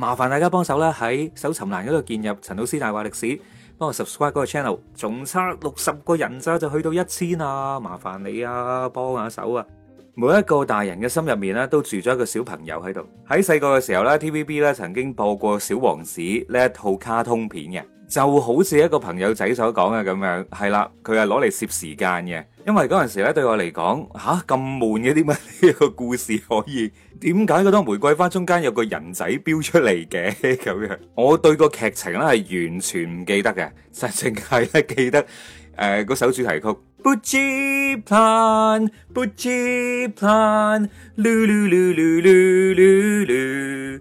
麻煩大家幫手啦。喺搜尋欄嗰度建入陳老 C 大話歷史，幫我 subscribe 嗰個 channel，仲差六十個人咋就去到一千啊！麻煩你啊，幫下手啊！每一個大人嘅心入面咧，都住咗一個小朋友喺度。喺細個嘅時候咧，TVB 咧曾經播過《小王子》呢一套卡通片嘅。就好似一個朋友仔所講嘅咁樣，係啦，佢係攞嚟攝時間嘅，因為嗰陣時咧對我嚟講，吓咁悶嘅啲乜呢個故事可以，點解嗰朵玫瑰花中間有個人仔飆出嚟嘅咁樣？我對個劇情咧係完全唔記得嘅，實淨係咧記得誒、呃、嗰首主題曲。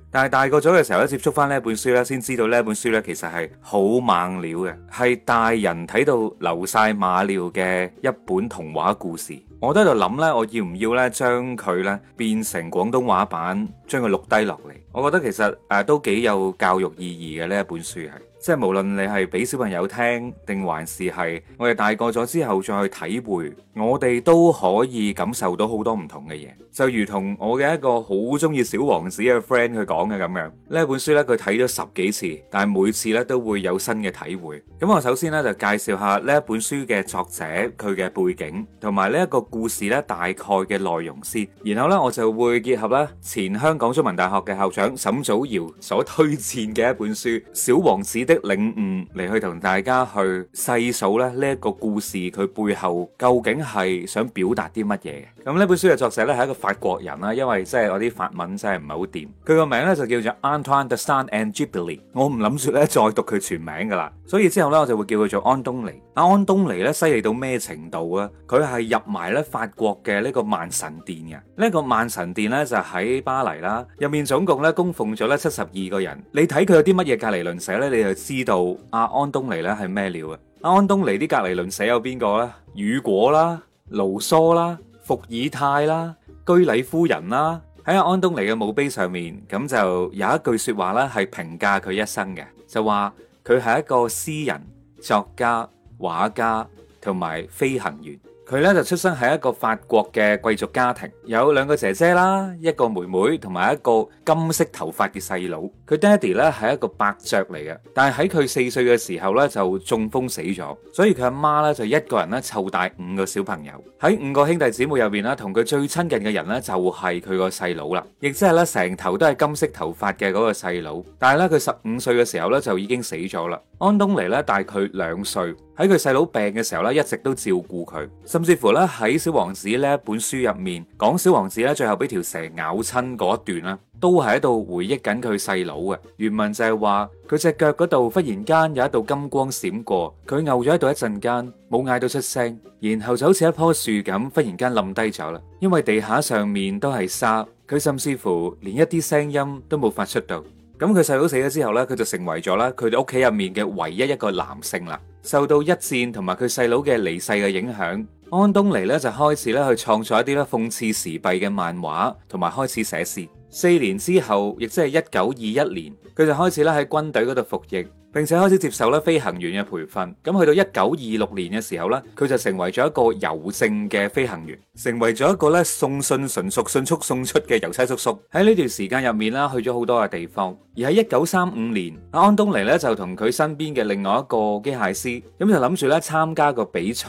但係大個咗嘅時候，一接觸翻呢一本書，呢先知道呢一本書呢其實係好猛料嘅，係大人睇到流晒馬尿嘅一本童話故事。我都喺度諗呢，我要唔要呢將佢呢變成廣東話版，將佢錄低落嚟？我覺得其實誒、呃、都幾有教育意義嘅呢一本書係。即係無論你係俾小朋友聽定還是係我哋大個咗之後再去體會，我哋都可以感受到好多唔同嘅嘢。就如同我嘅一個好中意小王子嘅 friend 佢講嘅咁樣，呢一本書咧佢睇咗十幾次，但係每次咧都會有新嘅體會。咁我首先咧就介紹下呢一本書嘅作者佢嘅背景同埋呢一個故事咧大概嘅內容先，然後咧我就會結合咧前香港中文大學嘅校長沈祖堯所推薦嘅一本書《小王子》的領悟嚟去同大家去細數咧呢一個故事佢背後究竟係想表達啲乜嘢？咁呢本書嘅作者咧係一個法國人啦，因為即係我啲法文真係唔係好掂。佢個名咧就叫做 Antoine de Saint-Exupery，我唔諗住咧再讀佢全名噶啦。所以之後咧我就會叫佢做安東尼。阿安東尼咧犀利到咩程度啊？佢係入埋咧法國嘅呢個萬神殿嘅。呢個萬神殿咧就喺巴黎啦，入面總共咧供奉咗咧七十二個人。你睇佢有啲乜嘢隔籬鄰舍咧，你就。知道阿安東尼咧係咩料嘅？阿安東尼啲隔籬鄰舍有邊個咧？雨果啦、盧梭啦、伏爾泰啦、居里夫人啦。喺阿安東尼嘅墓碑上面，咁就有一句說話咧，係評價佢一生嘅，就話佢係一個詩人、作家、畫家同埋飛行員。佢咧就出生喺一個法國嘅貴族家庭，有兩個姐姐啦，一個妹妹同埋一個金色頭髮嘅細佬。佢爹哋咧係一個伯爵嚟嘅，但係喺佢四歲嘅時候咧就中風死咗，所以佢阿媽咧就一個人咧湊大五個小朋友。喺五個兄弟姊妹入面咧，同佢最親近嘅人咧就係佢個細佬啦，亦即係咧成頭都係金色頭髮嘅嗰個細佬。但係咧佢十五歲嘅時候咧就已經死咗啦。安東尼咧大佢兩歲。喺佢細佬病嘅時候咧，一直都照顧佢，甚至乎咧喺小王子呢一本書入面，講小王子咧最後俾條蛇咬親嗰段啦，都係喺度回憶緊佢細佬嘅。原文就係話佢隻腳嗰度忽然間有一道金光閃過，佢嘔咗喺度一陣間，冇嗌到出聲，然後就好似一棵樹咁忽然間冧低咗啦，因為地下上,上面都係沙，佢甚至乎連一啲聲音都冇發出到。咁佢細佬死咗之後呢，佢就成為咗咧佢哋屋企入面嘅唯一一個男性啦。受到一戰同埋佢細佬嘅離世嘅影響，安東尼呢就開始咧去創作一啲咧諷刺時弊嘅漫畫，同埋開始寫詩。四年之後，亦即係一九二一年，佢就開始咧喺軍隊嗰度服役。並且開始接受咧飛行員嘅培訓，咁去到一九二六年嘅時候咧，佢就成為咗一個郵政嘅飛行員，成為咗一個咧送信純熟迅速送出嘅郵差叔叔。喺呢段時間入面啦，去咗好多嘅地方。而喺一九三五年，安東尼咧就同佢身邊嘅另外一個機械師，咁就諗住咧參加個比賽。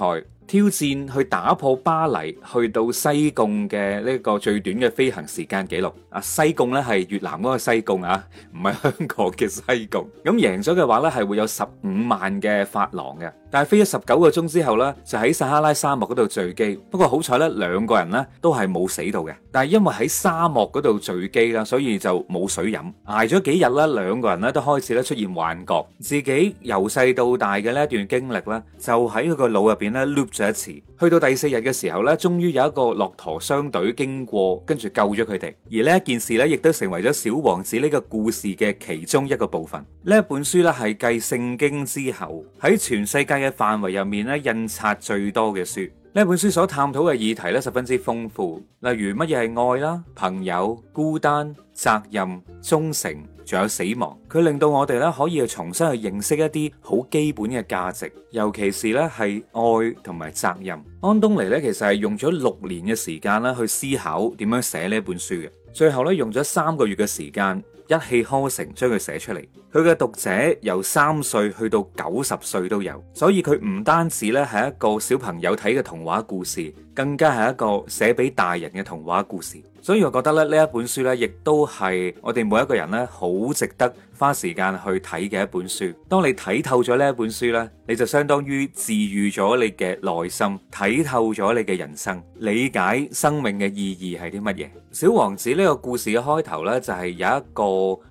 挑戰去打破巴黎去到西貢嘅呢個最短嘅飛行時間紀錄啊！西貢呢係越南嗰個西貢啊，唔係香港嘅西貢。咁贏咗嘅話呢，係會有十五萬嘅法郎嘅。但係飛咗十九個鐘之後呢，就喺撒哈拉沙漠嗰度墜機。不過好彩呢，兩個人呢都係冇死到嘅。但係因為喺沙漠嗰度墜機啦，所以就冇水飲，挨咗幾日咧，兩個人呢都開始咧出現幻覺，自己由細到大嘅呢一段經歷呢，就喺佢個腦入邊呢。再一次去到第四日嘅時候咧，終於有一個駱駝商隊經過，跟住救咗佢哋。而呢一件事咧，亦都成為咗小王子呢個故事嘅其中一個部分。呢一本書咧係繼聖經之後喺全世界嘅範圍入面咧印刷最多嘅書。呢本書所探討嘅議題咧，十分之豐富，例如乜嘢係愛啦、朋友、孤單、責任、忠誠，仲有死亡，佢令到我哋咧可以重新去認識一啲好基本嘅價值，尤其是咧係愛同埋責任。安東尼咧，其實係用咗六年嘅時間啦，去思考點樣寫呢本書嘅，最後咧用咗三個月嘅時間。一氣呵成將佢寫出嚟，佢嘅讀者由三歲去到九十歲都有，所以佢唔單止咧係一個小朋友睇嘅童話故事，更加係一個寫俾大人嘅童話故事。所以我覺得咧呢一本書呢，亦都係我哋每一個人咧好值得花時間去睇嘅一本書。當你睇透咗呢一本書呢，你就相當於治癒咗你嘅內心，睇透咗你嘅人生，理解生命嘅意義係啲乜嘢。小王子呢個故事嘅開頭呢，就係有一個。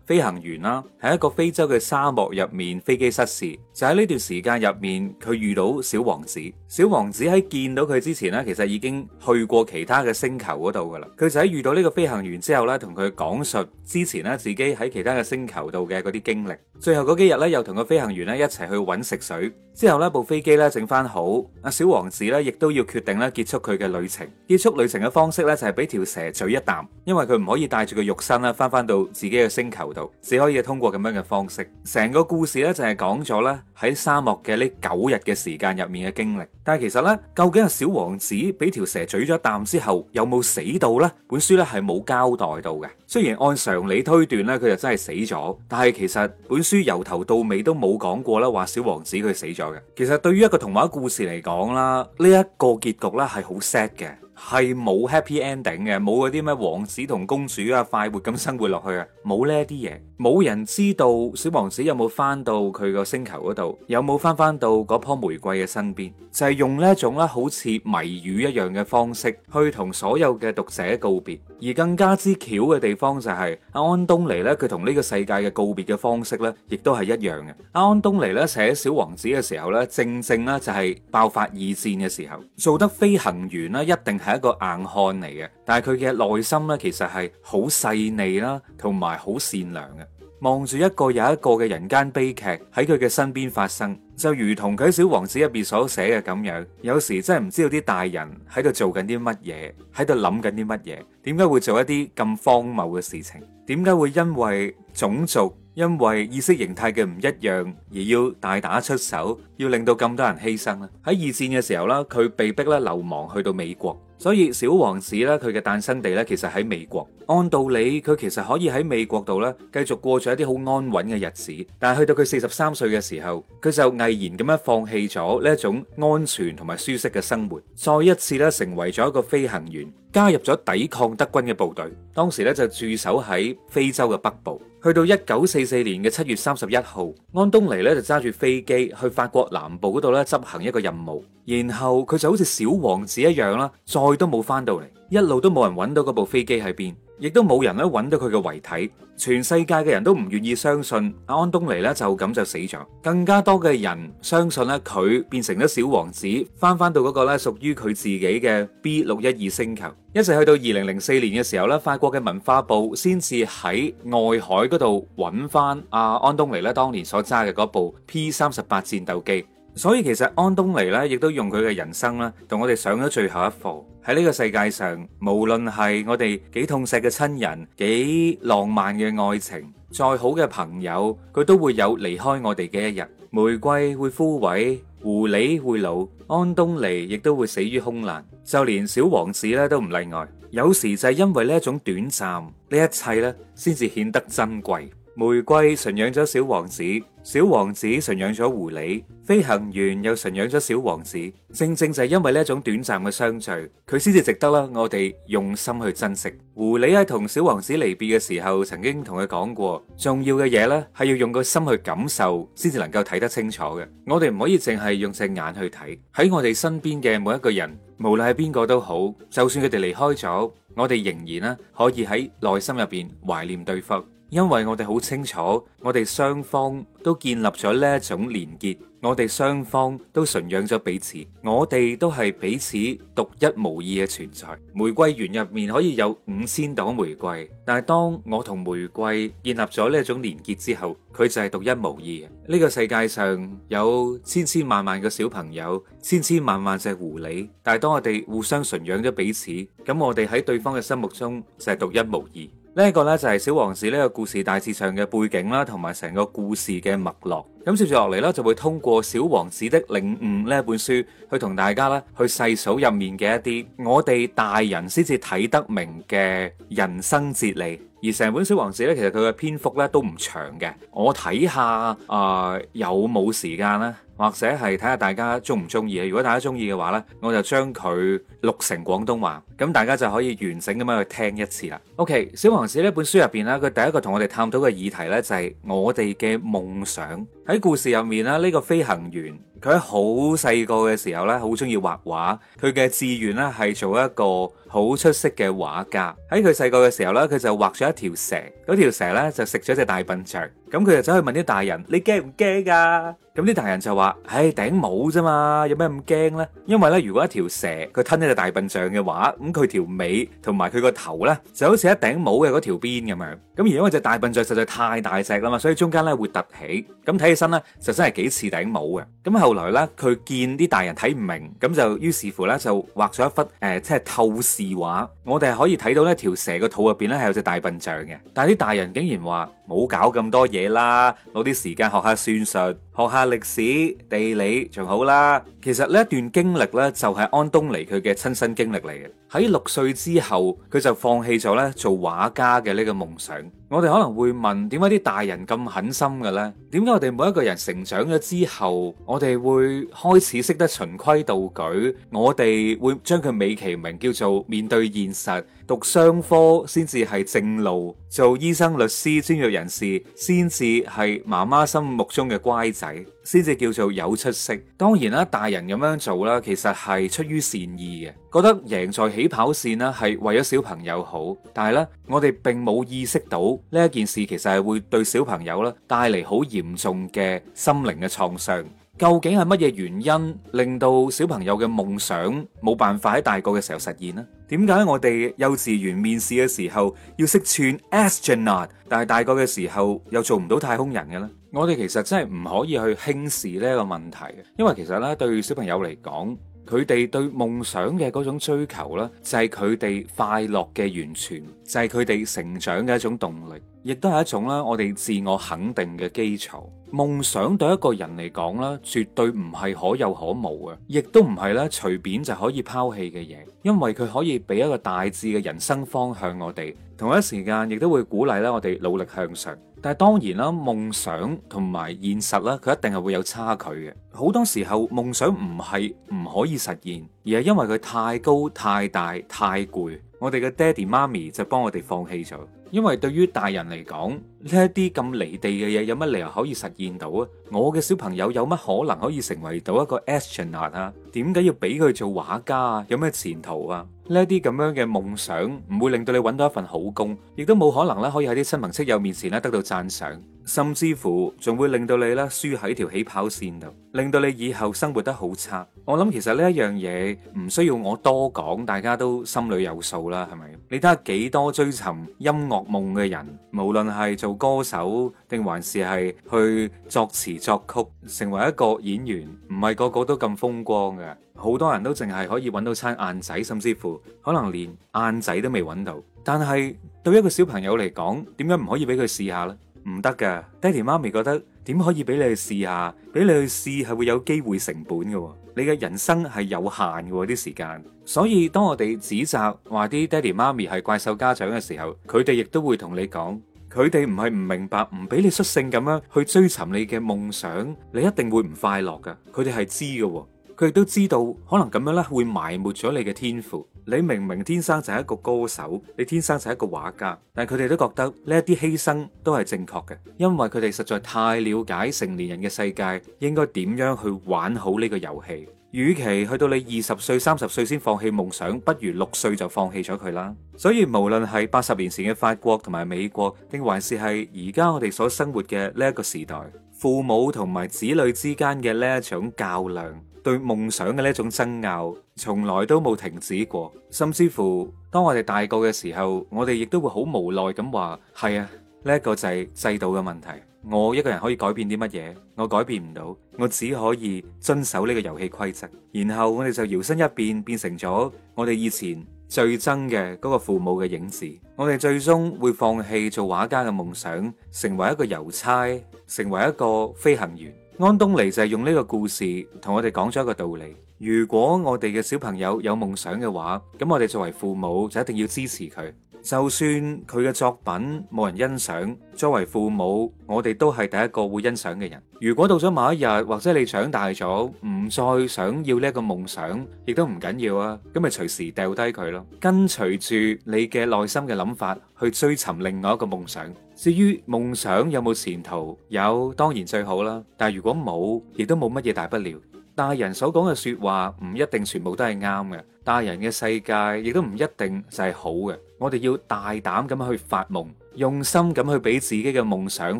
飛行員啦，喺一個非洲嘅沙漠入面，飛機失事。就喺呢段時間入面，佢遇到小王子。小王子喺見到佢之前呢，其實已經去過其他嘅星球嗰度噶啦。佢就喺遇到呢個飛行員之後咧，同佢講述之前呢，自己喺其他嘅星球度嘅嗰啲經歷。最後嗰幾日咧，又同個飛行員咧一齊去揾食水。之後呢，部飛機咧整翻好，阿小王子咧亦都要決定咧結束佢嘅旅程。結束旅程嘅方式咧就係俾條蛇嘴一啖，因為佢唔可以帶住個肉身啦，翻翻到自己嘅。星球度，只可以通過咁樣嘅方式。成個故事咧就係講咗咧，喺沙漠嘅呢九日嘅時間入面嘅經歷。但係其實呢，究竟係小王子俾條蛇咀咗啖之後，有冇死到呢？本書呢係冇交代到嘅。雖然按常理推斷呢，佢就真係死咗。但係其實本書由頭到尾都冇講過啦，話小王子佢死咗嘅。其實對於一個童話故事嚟講啦，呢一個結局咧係好 sad 嘅。係冇 happy ending 嘅，冇嗰啲咩王子同公主啊，快活咁生活落去啊，冇呢一啲嘢。冇人知道小王子有冇翻到佢個星球嗰度，有冇翻翻到嗰棵玫瑰嘅身邊，就係用呢一種咧，好似謎語一樣嘅方式去同所有嘅讀者告別。而更加之巧嘅地方就係阿安東尼咧，佢同呢個世界嘅告別嘅方式咧，亦都係一樣嘅。阿安東尼咧寫小王子嘅時候咧，正正咧就係爆發二戰嘅時候，做得飛行員咧一定係係一個硬漢嚟嘅，但係佢嘅內心咧，其實係好細膩啦，同埋好善良嘅。望住一個又一個嘅人間悲劇喺佢嘅身邊發生，就如同佢喺小王子入邊所寫嘅咁樣。有時真係唔知道啲大人喺度做緊啲乜嘢，喺度諗緊啲乜嘢，點解會做一啲咁荒謬嘅事情？點解會因為種族、因為意識形態嘅唔一樣而要大打出手，要令到咁多人犧牲呢？喺二戰嘅時候啦，佢被逼咧流亡去到美國。所以小王子咧，佢嘅誕生地咧，其實喺美國。按道理，佢其實可以喺美國度咧，繼續過住一啲好安穩嘅日子。但係去到佢四十三歲嘅時候，佢就毅然咁樣放棄咗呢一種安全同埋舒適嘅生活，再一次咧，成為咗一個飛行員，加入咗抵抗德軍嘅部隊。當時咧就駐守喺非洲嘅北部。去到一九四四年嘅七月三十一號，安東尼咧就揸住飛機去法國南部嗰度咧執行一個任務。然後佢就好似小王子一樣啦，再都冇翻到嚟，一路都冇人揾到嗰部飛機喺邊，亦都冇人揾到佢嘅遺體。全世界嘅人都唔願意相信阿安東尼呢就咁就死咗，更加多嘅人相信呢佢變成咗小王子，翻翻到嗰個呢屬於佢自己嘅 B 六一二星球。一直去到二零零四年嘅時候呢法國嘅文化部先至喺外海嗰度揾翻阿安東尼呢當年所揸嘅嗰部 P 三十八戰鬥機。所以其實安東尼咧，亦都用佢嘅人生啦，同我哋上咗最後一課。喺呢個世界上，無論係我哋幾痛錫嘅親人，幾浪漫嘅愛情，再好嘅朋友，佢都會有離開我哋嘅一日。玫瑰會枯萎，狐狸會老，安東尼亦都會死於空難。就連小王子咧都唔例外。有時就係因為呢一種短暫，呢一切咧，先至顯得珍貴。玫瑰馴養咗小王子，小王子馴養咗狐狸，飛行員又馴養咗小王子。正正就係因為呢一種短暫嘅相聚，佢先至值得啦，我哋用心去珍惜。狐狸喺同小王子離別嘅時候，曾經同佢講過，重要嘅嘢咧係要用個心去感受，先至能夠睇得清楚嘅。我哋唔可以淨係用隻眼去睇。喺我哋身邊嘅每一個人，無論係邊個都好，就算佢哋離開咗，我哋仍然咧可以喺內心入邊懷念對方。因為我哋好清楚，我哋雙方都建立咗呢一種連結，我哋雙方都馴養咗彼此，我哋都係彼此獨一無二嘅存在。玫瑰園入面可以有五千朵玫瑰，但係當我同玫瑰建立咗呢一種連結之後，佢就係獨一無二。呢個世界上有千千萬萬個小朋友，千千萬萬隻狐狸，但係當我哋互相馴養咗彼此，咁我哋喺對方嘅心目中就係獨一無二。呢個呢就係小王子呢個故事大致上嘅背景啦，同埋成個故事嘅脈絡。咁接住落嚟呢，就會通過小王子的領悟呢本書，去同大家呢，去細數入面嘅一啲我哋大人先至睇得明嘅人生哲理。而成本小王子咧，其實佢嘅篇幅咧都唔長嘅。我睇下啊、呃，有冇時間咧，或者係睇下大家鍾唔鍾意啊。如果大家鍾意嘅話呢，我就將佢錄成廣東話，咁大家就可以完整咁樣去聽一次啦。OK，小王子呢本書入邊呢，佢第一個同我哋探討嘅議題呢，就係我哋嘅夢想。喺故事入面呢，呢、呢個飛行員。佢喺好細個嘅時候咧，好中意畫畫。佢嘅志願咧係做一個好出色嘅畫家。喺佢細個嘅時候咧，佢就畫咗一條蛇，嗰條蛇咧就食咗隻大笨象。咁佢就走去問啲大人：你驚唔驚㗎？咁啲大人就話：唉、哎，頂帽啫嘛，有咩咁驚呢？因為呢，如果一條蛇佢吞呢隻大笨象嘅話，咁佢條尾同埋佢個頭呢，就好似一頂帽嘅嗰條邊咁樣。咁而因為隻大笨象實在太大隻啦嘛，所以中間呢會凸起。咁睇起身呢，就真係幾似頂帽嘅。咁後來呢，佢見啲大人睇唔明，咁就於是乎呢，就畫咗一忽誒、呃，即係透視畫。我哋可以睇到呢條蛇個肚入邊呢，係有隻大笨象嘅。但係啲大人竟然話冇搞咁多嘢。嘢啦，攞啲時間學下算術，學下歷史、地理，仲好啦。其實呢一段經歷呢，就係安東尼佢嘅親身經歷嚟嘅。喺六歲之後，佢就放棄咗呢做畫家嘅呢個夢想。我哋可能會問，點解啲大人咁狠心嘅呢？點解我哋每一個人成長咗之後，我哋會開始識得循規蹈矩？我哋會將佢美其名叫做面對現實。讀商科先至係正路，做醫生、律師、專業人士先至係媽媽心目中嘅乖仔，先至叫做有出息。當然啦，大人咁樣做啦，其實係出於善意嘅，覺得贏在起跑線啦，係為咗小朋友好。但係咧，我哋並冇意識到呢一件事，其實係會對小朋友咧帶嚟好嚴重嘅心靈嘅創傷。究竟係乜嘢原因令到小朋友嘅夢想冇辦法喺大個嘅時候實現呢？點解我哋幼稚園面試嘅時候要識串 Astronaut，但係大個嘅時候又做唔到太空人嘅呢？我哋其實真係唔可以去輕視呢個問題，因為其實咧對小朋友嚟講。佢哋對夢想嘅嗰種追求呢，就係佢哋快樂嘅源泉，就係佢哋成長嘅一種動力，亦都係一種咧我哋自我肯定嘅基礎。夢想對一個人嚟講呢，絕對唔係可有可無嘅，亦都唔係咧隨便就可以拋棄嘅嘢，因為佢可以俾一個大致嘅人生方向我哋，同一時間亦都會鼓勵咧我哋努力向上。但係當然啦，夢想同埋現實呢，佢一定係會有差距嘅。好多時候夢想唔係唔可以實現，而係因為佢太高、太大、太攰，我哋嘅爹哋媽咪就幫我哋放棄咗。因為對於大人嚟講，呢一啲咁離地嘅嘢有乜理由可以實現到啊？我嘅小朋友有乜可能可以成為到一個 astronaut 啊？點解要俾佢做畫家啊？有咩前途啊？呢一啲咁樣嘅夢想唔會令到你搵到一份好工，亦都冇可能咧可以喺啲親朋戚友面前咧得到讚賞，甚至乎仲會令到你咧輸喺條起跑線度，令到你以後生活得好差。我諗其實呢一樣嘢唔需要我多講，大家都心裏有數啦，係咪？你睇下幾多追尋音樂夢嘅人，無論係做。歌手定還是係去作詞作曲，成為一個演員，唔係個個都咁風光嘅。好多人都淨係可以揾到餐晏仔，甚至乎可能連晏仔都未揾到。但係對一個小朋友嚟講，點解唔可以俾佢試下呢？唔得嘅，爹地媽咪覺得點可以俾你去試下？俾你去試係會有機會成本嘅喎，你嘅人生係有限嘅喎，啲時間。所以當我哋指責話啲爹地媽咪係怪獸家長嘅時候，佢哋亦都會同你講。佢哋唔係唔明白，唔俾你率性咁樣去追尋你嘅夢想，你一定會唔快樂噶。佢哋係知噶，佢哋都知道可能咁樣咧會埋沒咗你嘅天賦。你明明天生就係一個歌手，你天生就係一個畫家，但佢哋都覺得呢一啲犧牲都係正確嘅，因為佢哋實在太了解成年人嘅世界應該點樣去玩好呢個遊戲。與其去到你二十歲、三十歲先放棄夢想，不如六歲就放棄咗佢啦。所以無論係八十年前嘅法國同埋美國，定還是係而家我哋所生活嘅呢一個時代，父母同埋子女之間嘅呢一種較量，對夢想嘅呢一種爭拗，從來都冇停止過。甚至乎當我哋大個嘅時候，我哋亦都會好無奈咁話：係啊，呢一個就係制度嘅問題。我一個人可以改變啲乜嘢？我改變唔到，我只可以遵守呢個遊戲規則。然後我哋就搖身一變，變成咗我哋以前最憎嘅嗰個父母嘅影子。我哋最終會放棄做畫家嘅夢想，成為一個郵差，成為一個飛行員。安東尼就係用呢個故事同我哋講咗一個道理：如果我哋嘅小朋友有夢想嘅話，咁我哋作為父母就一定要支持佢。就算佢嘅作品冇人欣賞，作為父母，我哋都係第一個會欣賞嘅人。如果到咗某一日，或者你長大咗，唔再想要呢個夢想，亦都唔緊要啊。咁咪隨時掉低佢咯。跟隨住你嘅內心嘅諗法去追尋另外一個夢想。至於夢想有冇前途，有當然最好啦。但係如果冇，亦都冇乜嘢大不了。大人所講嘅說話唔一定全部都係啱嘅，大人嘅世界亦都唔一定就係好嘅。我哋要大膽咁去發夢，用心咁去俾自己嘅夢想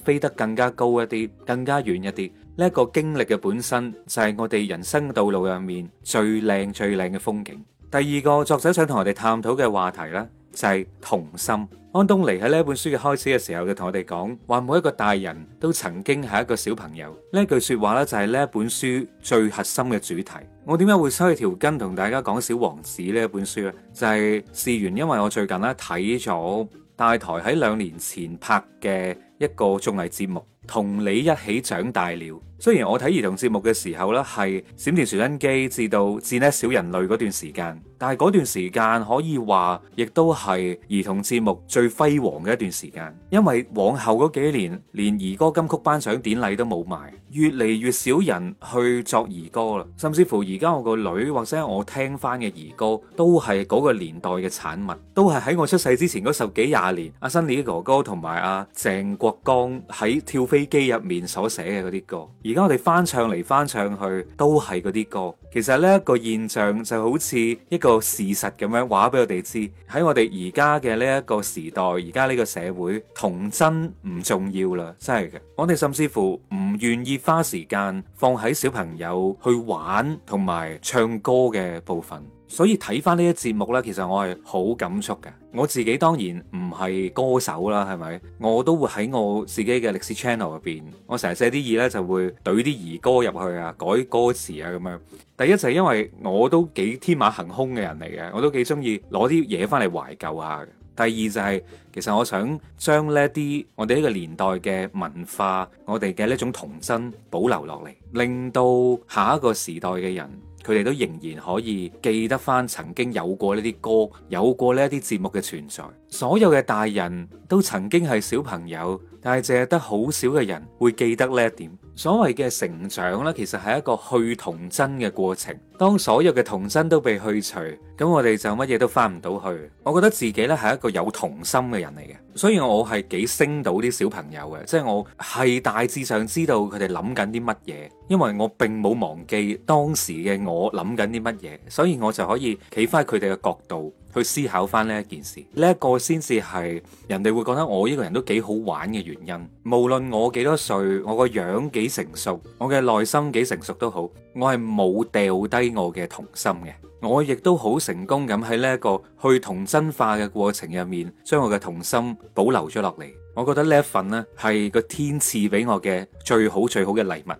飛得更加高一啲，更加遠一啲。呢一個經歷嘅本身就係我哋人生道路入面最靚最靚嘅風景。第二個作者想同我哋探討嘅話題啦。就係童心。安東尼喺呢本書嘅開始嘅時候就同我哋講話，每一個大人都曾經係一個小朋友。呢句說話呢，就係呢本書最核心嘅主題。我點解會收起條筋同大家講《小王子》呢呢本書咧？就係事緣，因為我最近咧睇咗大台喺兩年前拍嘅一個綜藝節目。同你一起長大了。雖然我睇兒童節目嘅時候呢係《閃電傳真機》至到《至 NET 小人類》嗰段時間，但係嗰段時間可以話，亦都係兒童節目最輝煌嘅一段時間。因為往後嗰幾年，連兒歌金曲頒獎典禮都冇埋，越嚟越少人去作兒歌啦。甚至乎而家我個女或者我聽翻嘅兒歌，都係嗰個年代嘅產物，都係喺我出世之前嗰十幾廿年。阿辛里哥哥同埋阿鄭國江喺跳飛機入面所寫嘅嗰啲歌，而家我哋翻唱嚟翻唱去，都係嗰啲歌。其實呢一個現象就好似一個事實咁樣，話俾我哋知，喺我哋而家嘅呢一個時代，而家呢個社會，童真唔重要啦，真係嘅。我哋甚至乎唔願意花時間放喺小朋友去玩同埋唱歌嘅部分。所以睇翻呢一節目呢，其實我係好感觸嘅。我自己當然唔係歌手啦，係咪？我都會喺我自己嘅歷史 channel 入邊，我成日寫啲嘢呢，就會懟啲兒歌入去啊，改歌詞啊咁樣。第一就係因為我都幾天馬行空嘅人嚟嘅，我都幾中意攞啲嘢翻嚟懷舊下。第二就係其實我想將呢啲我哋呢個年代嘅文化，我哋嘅呢種童真保留落嚟，令到下一個時代嘅人。佢哋都仍然可以記得翻曾經有過呢啲歌，有過呢啲節目嘅存在。所有嘅大人都曾經係小朋友，但係淨係得好少嘅人會記得呢一點。所謂嘅成長呢，其實係一個去童真嘅過程。當所有嘅童真都被去除，咁我哋就乜嘢都翻唔到去。我覺得自己呢係一個有童心嘅人嚟嘅，所以我係幾升到啲小朋友嘅，即係我係大致上知道佢哋諗緊啲乜嘢，因為我並冇忘記當時嘅我諗緊啲乜嘢，所以我就可以企翻佢哋嘅角度。去思考翻呢一件事，呢一個先至係人哋會覺得我呢個人都幾好玩嘅原因。無論我幾多歲，我個樣幾成熟，我嘅內心幾成熟都好，我係冇掉低我嘅童心嘅。我亦都好成功咁喺呢一個去童真化嘅過程入面，將我嘅童心保留咗落嚟。我覺得呢一份呢係個天賜俾我嘅最好最好嘅禮物。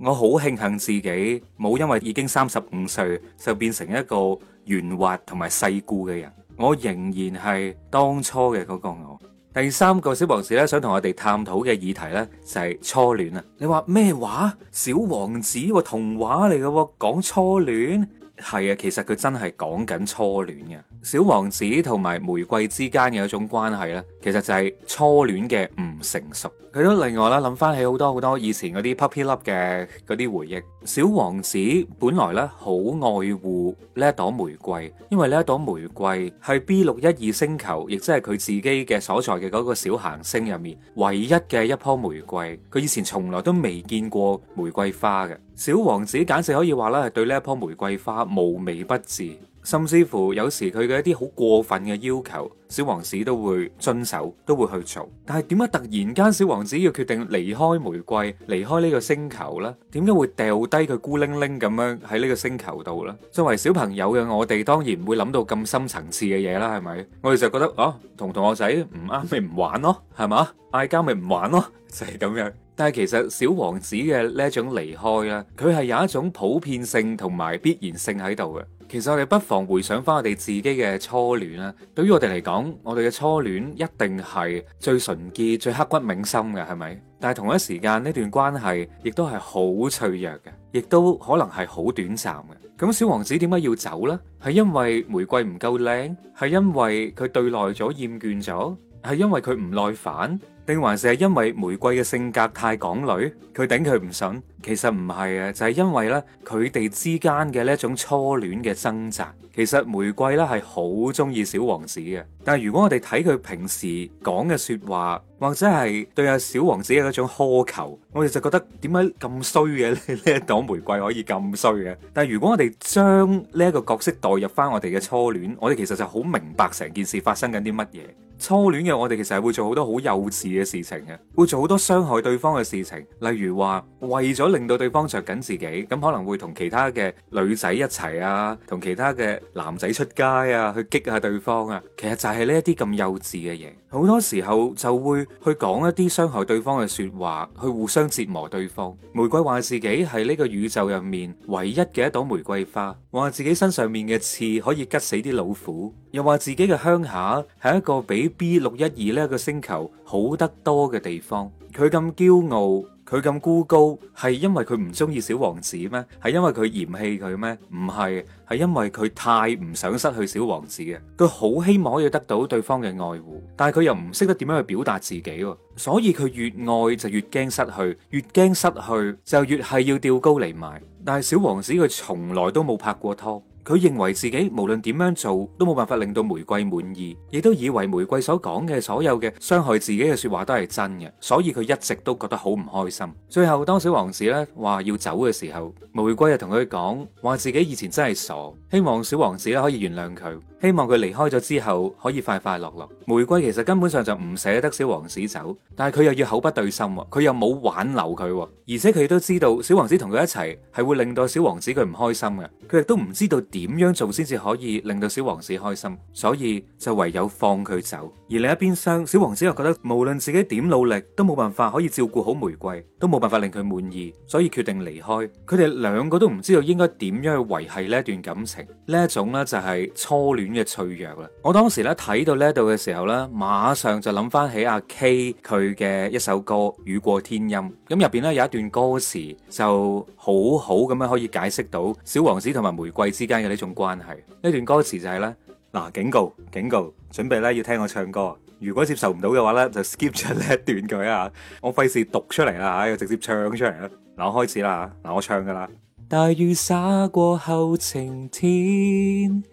我好慶幸自己冇因為已經三十五歲就變成一個圓滑同埋世故嘅人，我仍然係當初嘅嗰個我。第三個小王子咧，想同我哋探討嘅議題呢，就係初戀啊！你話咩話？小王子、哦、童話嚟嘅，哦，講初戀，係啊，其實佢真係講緊初戀嘅。小王子同埋玫瑰之間嘅一種關係呢，其實就係初戀嘅唔成熟。佢都另外咧諗翻起好多好多以前嗰啲 puppy love 嘅嗰啲回憶。小王子本來呢好愛護呢一朵玫瑰，因為呢一朵玫瑰係 B 六一二星球，亦即係佢自己嘅所在嘅嗰個小行星入面唯一嘅一棵玫瑰。佢以前從來都未見過玫瑰花嘅小王子，簡直可以話咧係對呢一樖玫瑰花無微不至。甚至乎有時佢嘅一啲好過分嘅要求，小王子都會遵守，都會去做。但係點解突然間小王子要決定離開玫瑰，離開呢個星球呢？點解會掉低佢孤零零咁樣喺呢個星球度呢？作為小朋友嘅我哋，當然唔會諗到咁深層次嘅嘢啦，係咪？我哋就覺得啊，同同學仔唔啱咪唔玩咯，係嘛？嗌交咪唔玩咯，就係咁樣。但係其實小王子嘅呢一種離開呀，佢係有一種普遍性同埋必然性喺度嘅。其實我哋不妨回想翻我哋自己嘅初戀呀。對於我哋嚟講，我哋嘅初戀一定係最純潔、最刻骨銘心嘅，係咪？但係同一時間呢段關係亦都係好脆弱嘅，亦都可能係好短暫嘅。咁小王子點解要走呢？係因為玫瑰唔夠靚？係因為佢對耐咗厭倦咗？係因為佢唔耐煩？定還是係因為玫瑰嘅性格太港女，佢頂佢唔順。其實唔係啊，就係因為咧，佢哋之間嘅呢一種初戀嘅掙扎。其實玫瑰呢係好中意小王子嘅。但係如果我哋睇佢平時講嘅說話，或者係對阿小王子嘅一種苛求，我哋就覺得點解咁衰嘅呢？呢 一朵玫瑰可以咁衰嘅？但係如果我哋將呢一個角色代入翻我哋嘅初戀，我哋其實就好明白成件事發生緊啲乜嘢。初戀嘅我哋其實係會做好多好幼稚嘅事情嘅，會做好多傷害對方嘅事情，例如話為咗令到對方着緊自己，咁可能會同其他嘅女仔一齊啊，同其他嘅男仔出街啊，去激下對方啊。其實就係呢一啲咁幼稚嘅嘢，好多時候就會去講一啲傷害對方嘅説話，去互相折磨對方。玫瑰話自己係呢個宇宙入面唯一嘅一朵玫瑰花，話自己身上面嘅刺可以拮死啲老虎，又話自己嘅鄉下係一個比比 B 六一二呢一個星球好得多嘅地方，佢咁驕傲，佢咁孤高，係因為佢唔中意小王子咩？係因為佢嫌棄佢咩？唔係，係因為佢太唔想失去小王子嘅，佢好希望可以得到對方嘅愛護，但係佢又唔識得點樣去表達自己，所以佢越愛就越驚失去，越驚失去就越係要吊高嚟賣。但係小王子佢從來都冇拍過拖。佢認為自己無論點樣做都冇辦法令到玫瑰滿意，亦都以為玫瑰所講嘅所有嘅傷害自己嘅說話都係真嘅，所以佢一直都覺得好唔開心。最後當小王子咧話要走嘅時候，玫瑰就同佢講話自己以前真係傻，希望小王子咧可以原諒佢。希望佢離開咗之後可以快快樂樂。玫瑰其實根本上就唔捨得小王子走，但係佢又要口不對心，佢又冇挽留佢，而且佢都知道小王子同佢一齊係會令到小王子佢唔開心嘅。佢亦都唔知道點樣做先至可以令到小王子開心，所以就唯有放佢走。而另一邊廂，小王子又覺得無論自己點努力都冇辦法可以照顧好玫瑰，都冇辦法令佢滿意，所以決定離開。佢哋兩個都唔知道應該點樣去維繫呢一段感情，呢一種呢就係初戀嘅脆弱啦，我當時咧睇到呢一度嘅時候呢，馬上就諗翻起阿 K 佢嘅一首歌《雨過天陰》。咁入邊呢有一段歌詞就好好咁樣可以解釋到小王子同埋玫瑰之間嘅呢種關係。呢段歌詞就係呢：「嗱，警告警告，準備呢要聽我唱歌。如果接受唔到嘅話呢，就 skip 咗呢一段句啊。我費事讀出嚟啦吓，直接唱出嚟啦。嗱，我開始啦嗱，我唱噶啦。大雨灑過後，晴天。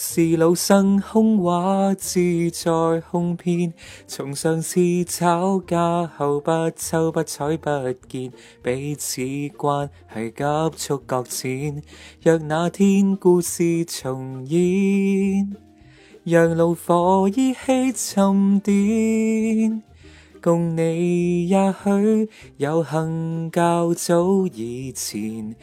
是老生空話，志在空篇。從上次吵架後，不瞅不睬不見，彼此關係急速擱淺。若那天故事重演，讓怒火依稀沉澱，共你也許有幸較早以前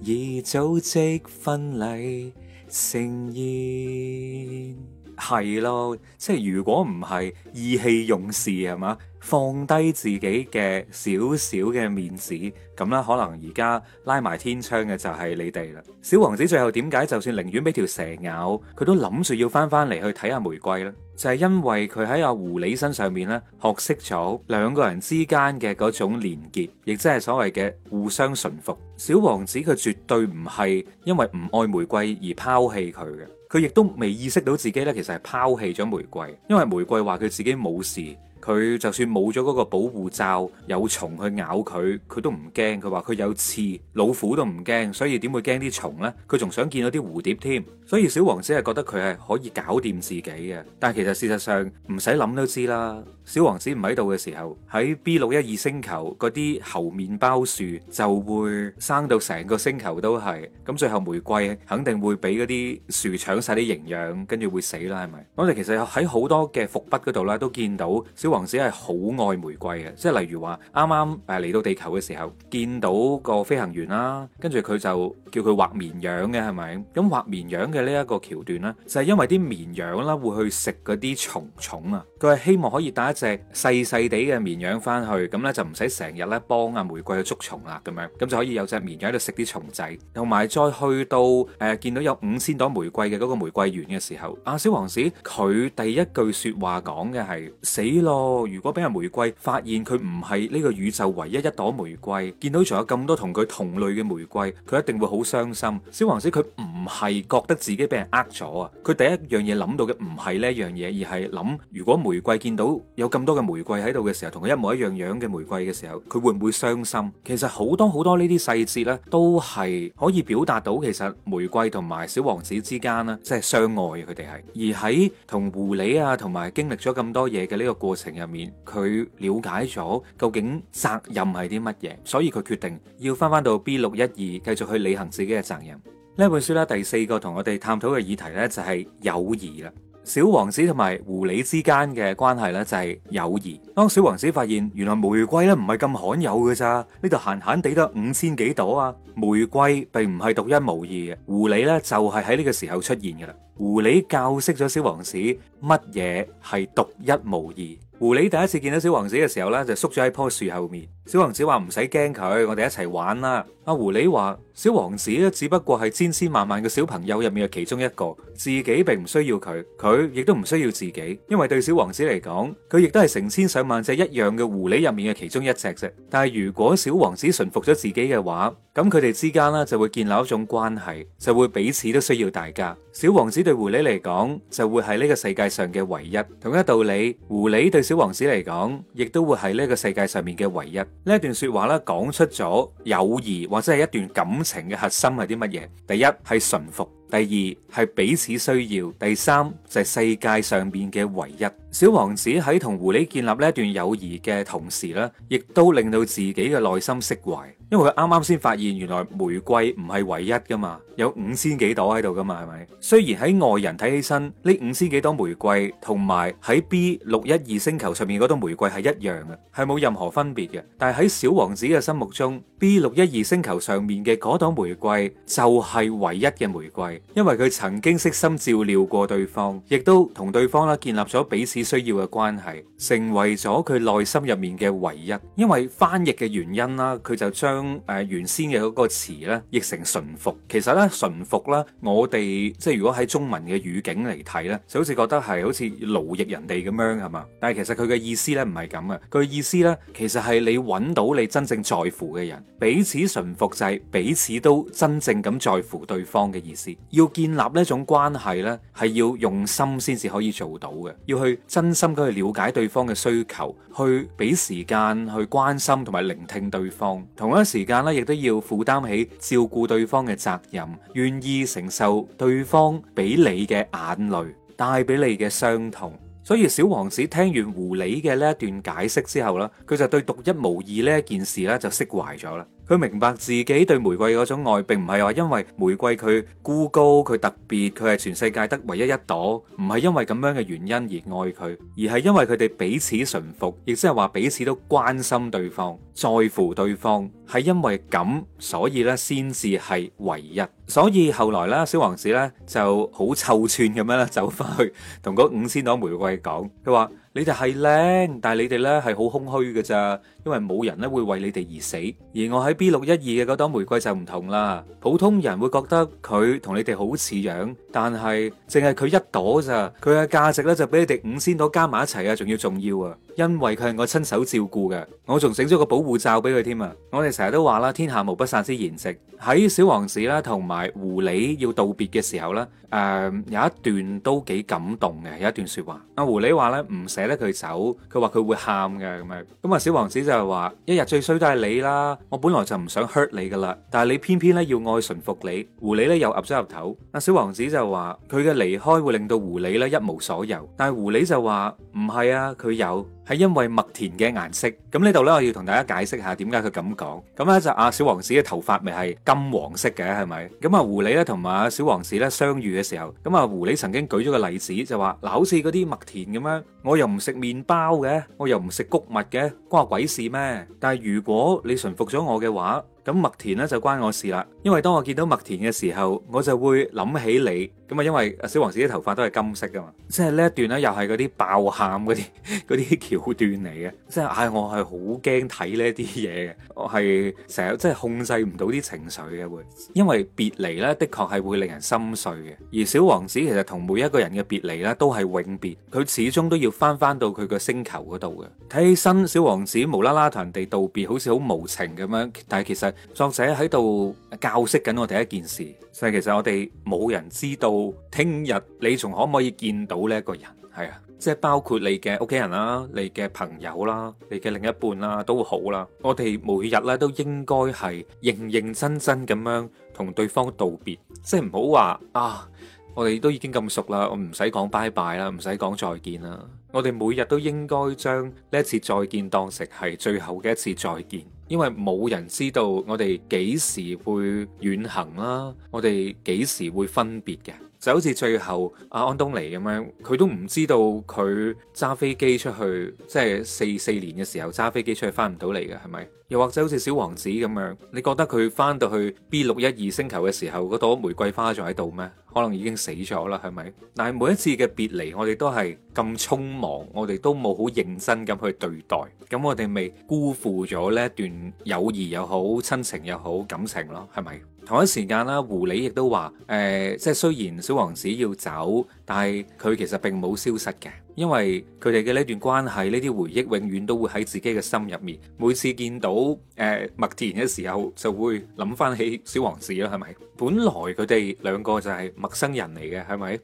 已組織婚禮。承認，係咯，即係如果唔係意氣用事係嘛，放低自己嘅少少嘅面子咁啦，可能而家拉埋天窗嘅就係你哋啦。小王子最後點解就算寧願俾條蛇咬，佢都諗住要翻翻嚟，去睇下玫瑰咧？就係因為佢喺阿狐狸身上面咧學識咗兩個人之間嘅嗰種連結，亦即係所謂嘅互相馴服。小王子佢絕對唔係因為唔愛玫瑰而拋棄佢嘅，佢亦都未意識到自己咧其實係拋棄咗玫瑰，因為玫瑰話佢自己冇事。佢就算冇咗嗰個保護罩，有蟲去咬佢，佢都唔驚。佢話佢有刺，老虎都唔驚，所以點會驚啲蟲呢？佢仲想見到啲蝴蝶添。所以小王子係覺得佢係可以搞掂自己嘅，但係其實事實上唔使諗都知啦。小王子唔喺度嘅時候，喺 B 六一二星球嗰啲猴麵包樹就會生到成個星球都係，咁最後玫瑰肯定會俾嗰啲樹搶晒啲營養，跟住會死啦，係咪？我哋其實喺好多嘅伏筆嗰度啦，都見到小王子係好愛玫瑰嘅，即係例如話啱啱誒嚟到地球嘅時候，見到個飛行員啦，跟住佢就叫佢畫綿羊嘅，係咪？咁畫綿羊嘅呢一個橋段啦，就係因為啲綿羊啦會去食嗰啲蟲蟲啊，佢係希望可以帶一隻細細地嘅綿羊翻去，咁咧就唔使成日咧幫阿玫瑰去捉蟲啦，咁樣咁就可以有隻綿羊喺度食啲蟲仔，同埋再去到誒見到有五千朵玫瑰嘅嗰個玫瑰園嘅時候，阿小王子佢第一句說話講嘅係死咯。如果俾阿玫瑰發現佢唔係呢個宇宙唯一一朵玫瑰，見到仲有咁多同佢同類嘅玫瑰，佢一定會好傷心。小王子佢唔係覺得自己俾人呃咗啊，佢第一樣嘢諗到嘅唔係呢樣嘢，而係諗如果玫瑰見到，有咁多嘅玫瑰喺度嘅時候，同佢一模一樣樣嘅玫瑰嘅時候，佢會唔會傷心？其實好多好多呢啲細節咧，都係可以表達到其實玫瑰同埋小王子之間咧，即係相愛，佢哋係而喺同狐狸啊，同埋經歷咗咁多嘢嘅呢個過程入面，佢了解咗究竟責任係啲乜嘢，所以佢決定要翻翻到 B 六一二，繼續去履行自己嘅責任。呢本書咧，第四個同我哋探討嘅議題咧，就係友誼啦。小王子同埋狐狸之間嘅關係咧，就係友誼。當小王子發現原來玫瑰咧，唔係咁罕有嘅咋，呢度閒閒地得五千幾朵啊！玫瑰並唔係獨一無二嘅，狐狸呢就係喺呢個時候出現嘅啦。狐狸教識咗小王子乜嘢係獨一無二。狐狸第一次見到小王子嘅時候呢，就縮咗喺棵樹後面。小王子話唔使驚佢，我哋一齊玩啦。阿狐狸話。小王子咧，只不過係千千萬萬嘅小朋友入面嘅其中一個，自己並唔需要佢，佢亦都唔需要自己，因為對小王子嚟講，佢亦都係成千上萬隻一樣嘅狐狸入面嘅其中一隻啫。但係如果小王子馴服咗自己嘅話，咁佢哋之間呢就會建立一種關係，就會彼此都需要大家。小王子對狐狸嚟講，就會係呢個世界上嘅唯一，同一道理，狐狸對小王子嚟講，亦都會係呢個世界上面嘅唯一。呢一段說話咧，講出咗友誼或者係一段感情嘅核心係啲乜嘢？第一係馴服。第二係彼此需要，第三就係、是、世界上面嘅唯一。小王子喺同狐狸建立呢一段友誼嘅同時咧，亦都令到自己嘅內心釋懷，因為佢啱啱先發現原來玫瑰唔係唯一噶嘛，有五千幾朵喺度噶嘛，係咪？雖然喺外人睇起身，呢五千幾朵玫瑰同埋喺 B 六一二星球上面嗰朵玫瑰係一樣嘅，係冇任何分別嘅，但係喺小王子嘅心目中，B 六一二星球上面嘅嗰朵玫瑰就係唯一嘅玫瑰。因為佢曾經悉心照料過對方，亦都同對方啦建立咗彼此需要嘅關係，成為咗佢內心入面嘅唯一。因為翻譯嘅原因啦，佢就將誒、呃、原先嘅嗰個詞呢譯成馴服。其實呢，馴服啦，我哋即係如果喺中文嘅語境嚟睇呢，就好似覺得係好似奴役人哋咁樣係嘛。但係其實佢嘅意思呢，唔係咁嘅，佢嘅意思呢，其實係你揾到你真正在乎嘅人，彼此馴服就係彼此都真正咁在乎對方嘅意思。要建立呢一種關係呢，係要用心先至可以做到嘅，要去真心咁去了解對方嘅需求，去俾時間去關心同埋聆聽對方，同一時間呢，亦都要負擔起照顧對方嘅責任，願意承受對方俾你嘅眼淚帶俾你嘅傷痛。所以小王子聽完狐狸嘅呢一段解釋之後呢，佢就對獨一無二呢一件事呢就釋懷咗啦。佢明白自己對玫瑰嗰種愛，並唔係話因為玫瑰佢孤高，佢特別，佢係全世界得唯一一朵，唔係因為咁樣嘅原因而愛佢，而係因為佢哋彼此馴服，亦即係話彼此都關心對方，在乎對方，係因為咁，所以咧先至係唯一。所以後來咧，小王子咧就好臭串咁樣咧走翻去，同嗰五千朵玫瑰講佢話。你哋係靚，但係你哋呢係好空虛嘅咋，因為冇人呢會為你哋而死。而我喺 B 六一二嘅嗰朵玫瑰就唔同啦。普通人會覺得佢同你哋好似樣，但係淨係佢一朵咋，佢嘅價值呢就比你哋五千朵加埋一齊啊，仲要重要啊！因為佢係我親手照顧嘅，我仲整咗個保護罩俾佢添啊！我哋成日都話啦，天下無不散之筵席。喺小王子啦，同埋狐狸要道別嘅時候啦，誒、呃，有一段都幾感動嘅，有一段說話。阿狐狸話咧唔捨得佢走，佢話佢會喊嘅咁樣。咁啊，小王子就係話一日最衰都係你啦，我本來就唔想 hurt 你噶啦，但係你偏偏咧要愛馴服你。狐狸咧又岌咗岌頭。阿小王子就話佢嘅離開會令到狐狸咧一無所有，但係狐狸就話唔係啊，佢有。係因為麥田嘅顏色，咁呢度咧我要同大家解釋下點解佢咁講，咁咧就啊小王子嘅頭髮咪係金黃色嘅係咪？咁啊狐狸咧同埋啊小王子咧相遇嘅時候，咁啊狐狸曾經舉咗個例子就話嗱，好似嗰啲麥田咁樣，我又唔食麵包嘅，我又唔食穀物嘅，關我鬼事咩？但係如果你馴服咗我嘅話，咁麥田咧就關我事啦，因為當我見到麥田嘅時候，我就會諗起你。咁啊，因為小王子啲頭髮都係金色噶嘛，即係呢一段咧，又係嗰啲爆喊嗰啲嗰啲橋段嚟嘅。即係，唉、哎，我係好驚睇呢啲嘢嘅，我係成日即係控制唔到啲情緒嘅，會因為別離呢的確係會令人心碎嘅。而小王子其實同每一個人嘅別離呢都係永別，佢始終都要翻翻到佢個星球嗰度嘅。睇起身，小王子無啦啦同人哋道別，好似好無情咁樣，但係其實作者喺度教識緊我哋一件事。所以其實我哋冇人知道，聽日你仲可唔可以見到呢一個人？係啊，即係包括你嘅屋企人啦、你嘅朋友啦、你嘅另一半啦都好啦。我哋每日咧都應該係認認真真咁樣同對方道別，即係唔好話啊，我哋都已經咁熟啦，我唔使講拜拜啦，唔使講再見啦。我哋每日都應該將呢一次再見當成係最後嘅一次再見。因為冇人知道我哋幾時會遠行啦，我哋幾時會分別嘅。就好似最後阿安東尼咁樣，佢都唔知道佢揸飛機出去，即係四四年嘅時候揸飛機出去翻唔到嚟嘅，係咪？又或者好似小王子咁樣，你覺得佢翻到去 B 六一二星球嘅時候，嗰朵玫瑰花仲喺度咩？可能已經死咗啦，係咪？但係每一次嘅別離，我哋都係咁匆忙，我哋都冇好認真咁去對待，咁我哋咪辜負咗呢一段友誼又好、親情又好、感情咯，係咪？同一時間啦，狐狸亦都話：誒、呃，即係雖然小王子要走，但係佢其實並冇消失嘅，因為佢哋嘅呢段關係、呢啲回憶，永遠都會喺自己嘅心入面。每次見到誒、呃、麥田嘅時候，就會諗翻起小王子啦，係咪？本來佢哋兩個就係陌生人嚟嘅，係咪？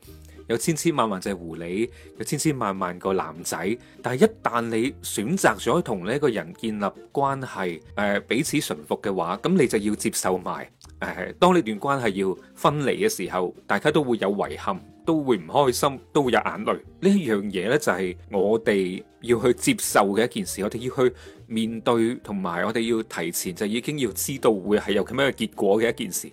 有千千萬萬隻狐狸，有千千萬萬個男仔，但係一旦你選擇咗同呢個人建立關係，誒、呃、彼此馴服嘅話，咁你就要接受埋。誒，當呢段關係要分離嘅時候，大家都會有遺憾，都會唔開心，都會有眼淚。呢一樣嘢咧就係我哋要去接受嘅一件事，我哋要去面對，同埋我哋要提前就已經要知道會係有咁樣嘅結果嘅一件事。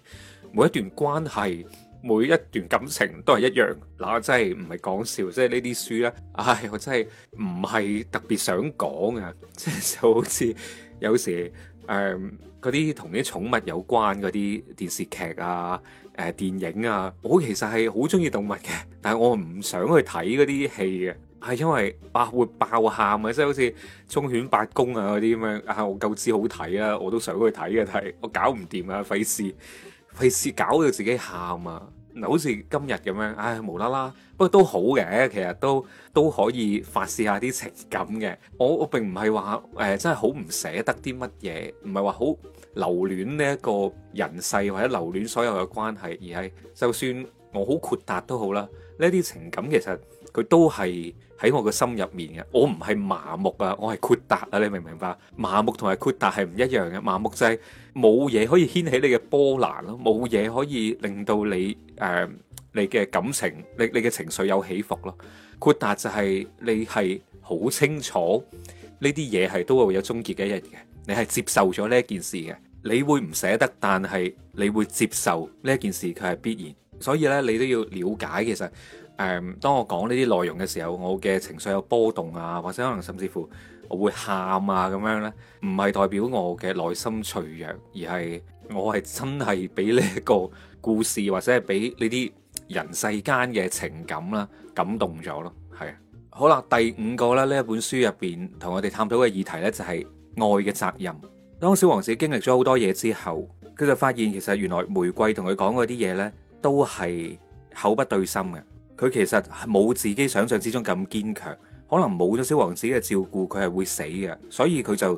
每一段關係，每一段感情都係一樣。嗱，我真係唔係講笑，即係呢啲書咧，唉，我真係唔係特別想講啊，即係就好似有時誒。嗰啲同啲寵物有關嗰啲電視劇啊、誒、呃、電影啊，我其實係好中意動物嘅，但係我唔想去睇嗰啲戲嘅，係因為啊會爆喊啊，即係好似忠犬八公啊嗰啲咁樣啊，我夠知好睇啊，我都想去睇嘅啊，但係我搞唔掂啊，費事費事搞到自己喊啊！嗱，好似今日咁樣，唉，無啦啦，不過都好嘅，其實都都可以發泄下啲情感嘅。我我並唔係話誒，真係好唔捨得啲乜嘢，唔係話好留戀呢一個人世或者留戀所有嘅關係，而係就算我好豁達都好啦。呢啲情感其實佢都係喺我個心入面嘅。我唔係麻木啊，我係豁達啊，你明唔明白？麻木同埋豁達係唔一樣嘅，麻木就係。冇嘢可以掀起你嘅波瀾咯，冇嘢可以令到你誒、呃、你嘅感情，你你嘅情緒有起伏咯。豁達就係、是、你係好清楚呢啲嘢係都係會有終結嘅一日嘅，你係接受咗呢一件事嘅，你會唔捨得，但係你會接受呢一件事佢係必然。所以咧，你都要了解其實誒、呃，當我講呢啲內容嘅時候，我嘅情緒有波動啊，或者可能甚至乎。我會喊啊，咁樣呢，唔係代表我嘅內心脆弱，而係我係真係俾呢個故事或者係俾呢啲人世間嘅情感啦感動咗咯。係啊好啦，第五個咧呢一本書入邊同我哋探討嘅議題呢，就係愛嘅責任。當小王子經歷咗好多嘢之後，佢就發現其實原來玫瑰同佢講嗰啲嘢呢，都係口不對心嘅。佢其實係冇自己想象之中咁堅強。可能冇咗小王子嘅照顧，佢係會死嘅，所以佢就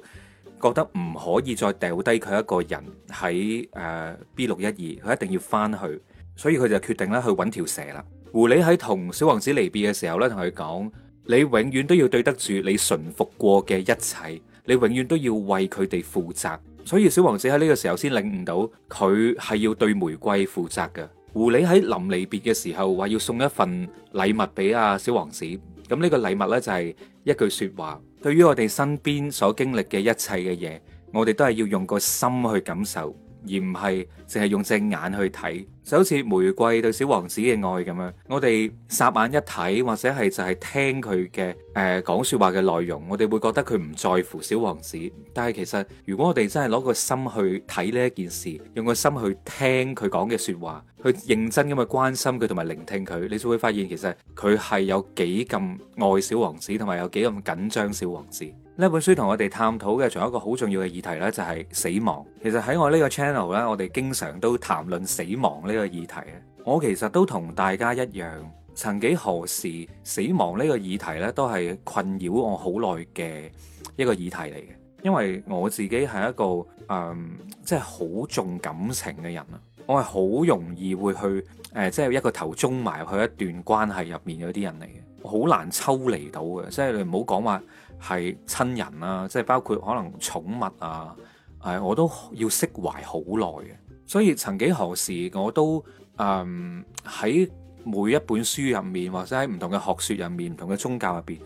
覺得唔可以再掉低佢一個人喺誒、呃、B 六一二，佢一定要返去，所以佢就決定咧去揾條蛇啦。狐狸喺同小王子離別嘅時候咧，同佢講：你永遠都要對得住你馴服過嘅一切，你永遠都要為佢哋負責。所以小王子喺呢個時候先領悟到，佢係要對玫瑰負責嘅。狐狸喺臨離別嘅時候話要送一份禮物俾阿小王子。咁呢個禮物呢，就係一句説話，對於我哋身邊所經歷嘅一切嘅嘢，我哋都係要用個心去感受。而唔係淨係用隻眼去睇，就好似玫瑰對小王子嘅愛咁樣。我哋霎眼一睇，或者係就係聽佢嘅，誒、講說話嘅內容，我哋會覺得佢唔在乎小王子。但係其實如果我哋真係攞個心去睇呢一件事，用個心去聽佢講嘅說話，去認真咁去關心佢同埋聆聽佢，你就會發現其實佢係有幾咁愛小王子，同埋有幾咁緊張小王子。呢本書同我哋探討嘅仲有一個好重要嘅議題呢，就係、是、死亡。其實喺我呢個 channel 咧，我哋經常都談論死亡呢個議題啊。我其實都同大家一樣，曾幾何時死亡呢個議題呢都係困擾我好耐嘅一個議題嚟嘅。因為我自己係一個誒、嗯，即係好重感情嘅人啊。我係好容易會去誒、呃，即係一個頭中埋去一段關係入面嗰啲人嚟嘅，好難抽離到嘅。即係你唔好講話。係親人啊，即係包括可能寵物啊，誒，我都要釋懷好耐嘅。所以曾幾何時，我都誒喺、嗯、每一本書入面，或者喺唔同嘅學説入面、唔同嘅宗教入邊，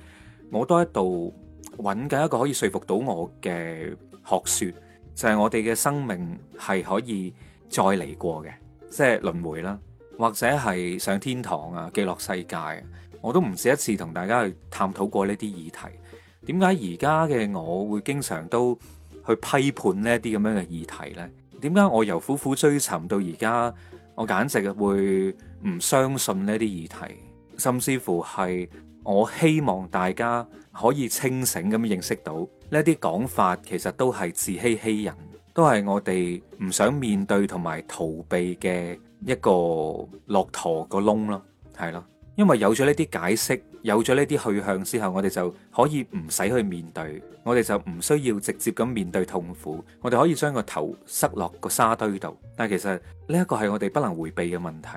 我都一度揾緊一個可以説服到我嘅學説，就係、是、我哋嘅生命係可以再嚟過嘅，即、就、係、是、輪迴啦，或者係上天堂啊、極樂世界、啊，我都唔止一次同大家去探討過呢啲議題。點解而家嘅我會經常都去批判呢啲咁樣嘅議題呢？點解我由苦苦追尋到而家，我簡直嘅會唔相信呢啲議題，甚至乎係我希望大家可以清醒咁認識到呢啲講法其實都係自欺欺人，都係我哋唔想面對同埋逃避嘅一個駱駝個窿咯，係咯，因為有咗呢啲解釋。有咗呢啲去向之後，我哋就可以唔使去面對，我哋就唔需要直接咁面對痛苦，我哋可以將個頭塞落個沙堆度。但係其實呢一個係我哋不能回避嘅問題，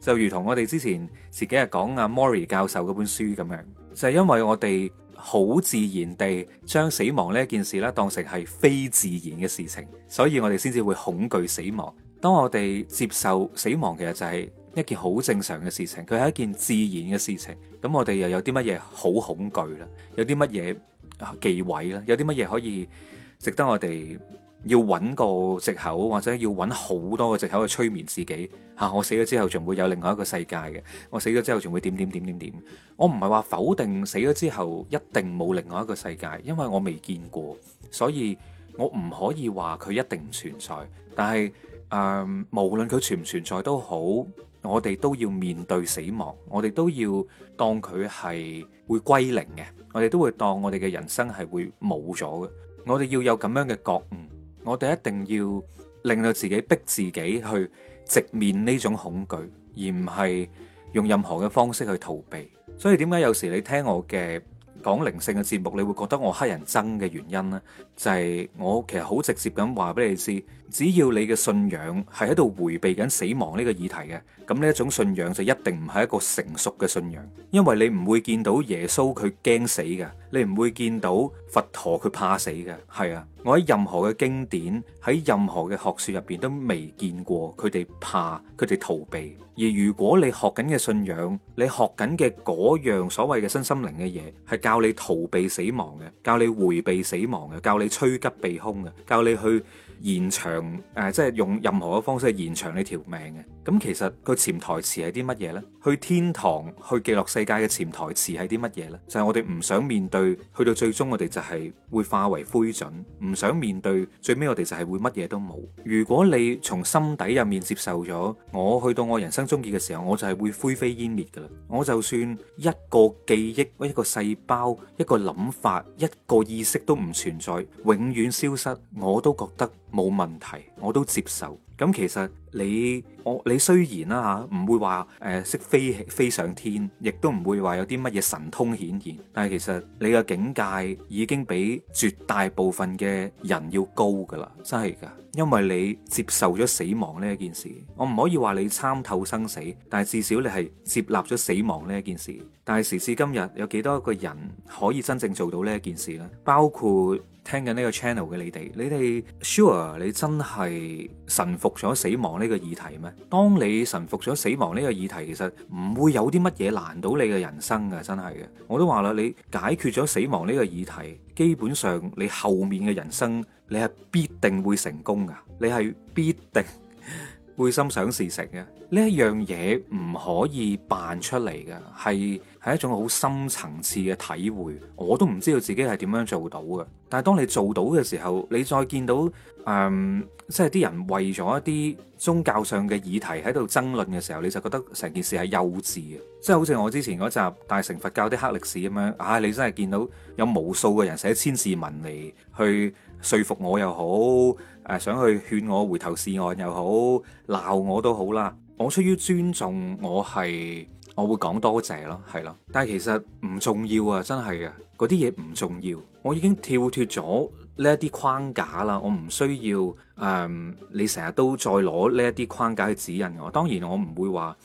就如同我哋之前前幾日講阿 Morrie 教授嗰本書咁樣，就係、是，因為我哋好自然地將死亡呢件事咧當成係非自然嘅事情，所以我哋先至會恐懼死亡。當我哋接受死亡嘅就係、是。一件好正常嘅事情，佢係一件自然嘅事情。咁我哋又有啲乜嘢好恐懼啦，有啲乜嘢忌諱啦，有啲乜嘢可以值得我哋要揾個借口，或者要揾好多個借口去催眠自己？吓、啊，我死咗之後仲會有另外一個世界嘅？我死咗之後仲會點點點點點？我唔係話否定死咗之後一定冇另外一個世界，因為我未見過，所以我唔可以話佢一定唔存在。但係誒、呃，無論佢存唔存在都好。我哋都要面對死亡，我哋都要當佢係會歸零嘅，我哋都會當我哋嘅人生係會冇咗嘅，我哋要有咁樣嘅覺悟，我哋一定要令到自己逼自己去直面呢種恐懼，而唔係用任何嘅方式去逃避。所以點解有時你聽我嘅講靈性嘅節目，你會覺得我黑人憎嘅原因呢，就係我其實好直接咁話俾你知，只要你嘅信仰係喺度回避緊死亡呢個議題嘅，咁呢一種信仰就一定唔係一個成熟嘅信仰，因為你唔會見到耶穌佢驚死嘅，你唔會見到佛陀佢怕死嘅，係啊，我喺任何嘅經典，喺任何嘅學說入邊都未見過佢哋怕佢哋逃避。而如果你學緊嘅信仰，你學緊嘅嗰樣所謂嘅身心靈嘅嘢，係教你逃避死亡嘅，教你回避死亡嘅，教你趨吉避凶嘅，教你去延長誒、呃，即係用任何嘅方式去延長你條命嘅。咁其實佢潛台詞係啲乜嘢呢？去天堂去極樂世界嘅潛台詞係啲乜嘢呢？就係、是、我哋唔想面對，去到最終我哋就係會化為灰燼，唔想面對最尾我哋就係會乜嘢都冇。如果你從心底入面接受咗，我去到我人生終結嘅時候，我就係會灰飛煙滅噶啦。我就算一個記憶、一個細胞、一個諗法、一個意識都唔存在，永遠消失，我都覺得冇問題，我都接受。咁其實你我你雖然啦嚇，唔、呃、會話誒識飛飛上天，亦都唔會話有啲乜嘢神通顯現，但係其實你嘅境界已經比絕大部分嘅人要高㗎喇，真係㗎。因為你接受咗死亡呢一件事，我唔可以話你參透生死，但係至少你係接納咗死亡呢一件事。但係時至今日，有幾多個人可以真正做到呢一件事咧？包括聽緊呢個 channel 嘅你哋，你哋 sure 你真係臣服咗死亡呢個議題咩？當你臣服咗死亡呢個議題，其實唔會有啲乜嘢難到你嘅人生㗎，真係嘅。我都話啦，你解決咗死亡呢個議題，基本上你後面嘅人生。你係必定會成功㗎，你係必定會心想事成嘅。呢一樣嘢唔可以扮出嚟嘅，係係一種好深層次嘅體會。我都唔知道自己係點樣做到嘅。但係當你做到嘅時候，你再見到誒、嗯，即係啲人為咗一啲宗教上嘅議題喺度爭論嘅時候，你就覺得成件事係幼稚嘅。即係好似我之前嗰集《大成佛教啲黑歷史》咁樣，唉、啊，你真係見到有無數個人寫千字文嚟去。說服我又好，誒、呃、想去勸我回頭是岸又好，鬧我都好啦。我出於尊重我，我係我會講多謝咯，係咯。但係其實唔重要啊，真係嘅，嗰啲嘢唔重要。我已經跳脫咗呢一啲框架啦，我唔需要誒、呃、你成日都再攞呢一啲框架去指引我。當然我唔會話。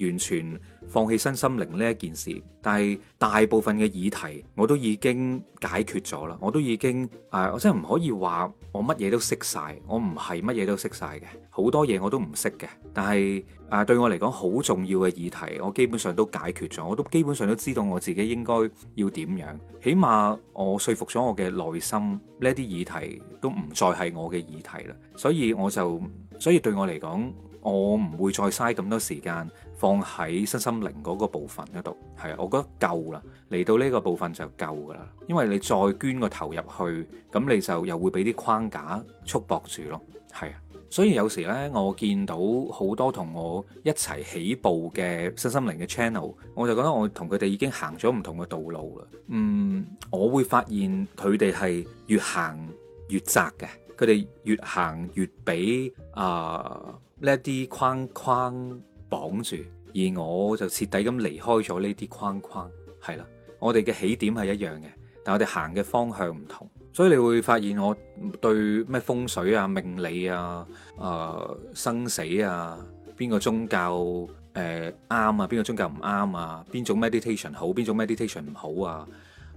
完全放棄身心靈呢一件事，但係大部分嘅議題我都已經解決咗啦。我都已經誒、呃，我真係唔可以話我乜嘢都識晒，我唔係乜嘢都識晒嘅，好多嘢我都唔識嘅。但係誒、呃，對我嚟講好重要嘅議題，我基本上都解決咗，我都基本上都知道我自己應該要點樣。起碼，我說服咗我嘅內心，呢啲議題都唔再係我嘅議題啦。所以我就所以對我嚟講，我唔會再嘥咁多時間。放喺身心靈嗰個部分嗰度係啊，我覺得夠啦。嚟到呢個部分就夠㗎啦，因為你再捐個頭入去，咁你就又會俾啲框架束縛住咯。係啊，所以有時呢，我見到好多同我一齊起，起步嘅身心靈嘅 channel，我就覺得我同佢哋已經行咗唔同嘅道路啦。嗯，我會發現佢哋係越行越窄嘅，佢哋越行越俾啊呢啲框框。綁住，而我就徹底咁離開咗呢啲框框，係啦。我哋嘅起點係一樣嘅，但我哋行嘅方向唔同，所以你會發現我對咩風水啊、命理啊、啊、呃、生死啊、邊個宗教誒啱啊、邊、呃、個宗教唔啱啊、邊種 meditation 好、邊種 meditation 唔好啊？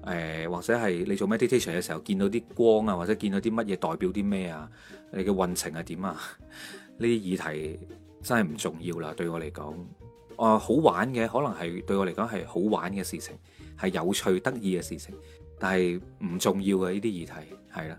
誒、呃，或者係你做 meditation 嘅時候見到啲光啊，或者見到啲乜嘢代表啲咩啊？你嘅運程係點啊？呢啲議題。真係唔重要啦，對我嚟講，啊好玩嘅可能係對我嚟講係好玩嘅事情，係有趣得意嘅事情，但係唔重要嘅呢啲議題，係啦。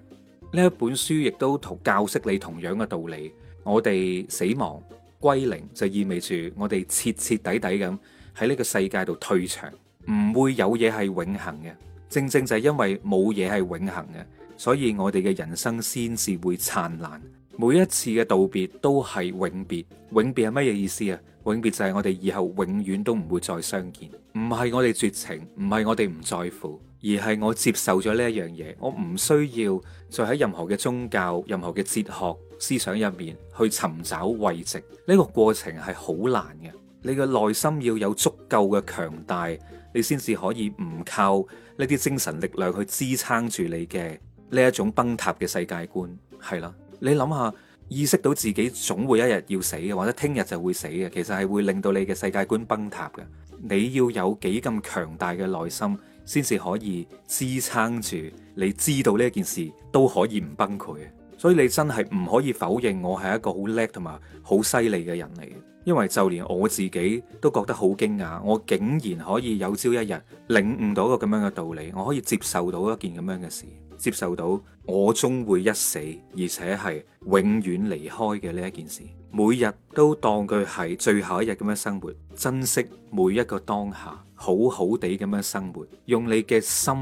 呢一本書亦都同教識你同樣嘅道理，我哋死亡歸零就意味住我哋徹徹底底咁喺呢個世界度退場，唔會有嘢係永恒嘅。正正就係因為冇嘢係永恒嘅，所以我哋嘅人生先至會燦爛。每一次嘅道別都係永別，永別係乜嘢意思啊？永別就係我哋以後永遠都唔會再相見，唔係我哋絕情，唔係我哋唔在乎，而係我接受咗呢一樣嘢，我唔需要再喺任何嘅宗教、任何嘅哲學思想入面去尋找慰藉。呢個過程係好難嘅，你嘅內心要有足夠嘅強大，你先至可以唔靠呢啲精神力量去支撐住你嘅呢一種崩塌嘅世界觀，係啦。你諗下，意識到自己總會一日要死嘅，或者聽日就會死嘅，其實係會令到你嘅世界觀崩塌嘅。你要有幾咁強大嘅內心，先至可以支撐住，你知道呢件事都可以唔崩潰。所以你真係唔可以否認，我係一個好叻同埋好犀利嘅人嚟。因為就連我自己都覺得好驚訝，我竟然可以有朝一日領悟到一個咁樣嘅道理，我可以接受到一件咁樣嘅事。接受到我終會一死，而且係永遠離開嘅呢一件事，每日都當佢係最後一日咁樣生活，珍惜每一個當下，好好地咁樣生活，用你嘅心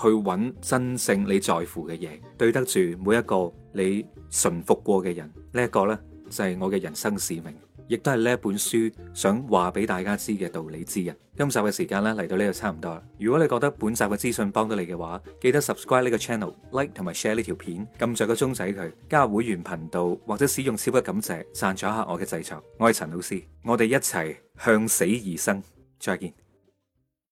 去揾真正你在乎嘅嘢，對得住每一個你馴服過嘅人，這個、呢一個咧，就係、是、我嘅人生使命。亦都係呢一本書想話俾大家知嘅道理之一。今集嘅時間呢，嚟到呢度差唔多啦。如果你覺得本集嘅資訊幫到你嘅話，記得 subscribe 呢個 channel、like 同埋 share 呢條片，撳着個鐘仔佢，加入會員頻道或者使用超級感謝，贊助一下我嘅製作。我係陳老 C，我哋一齊向死而生，再見。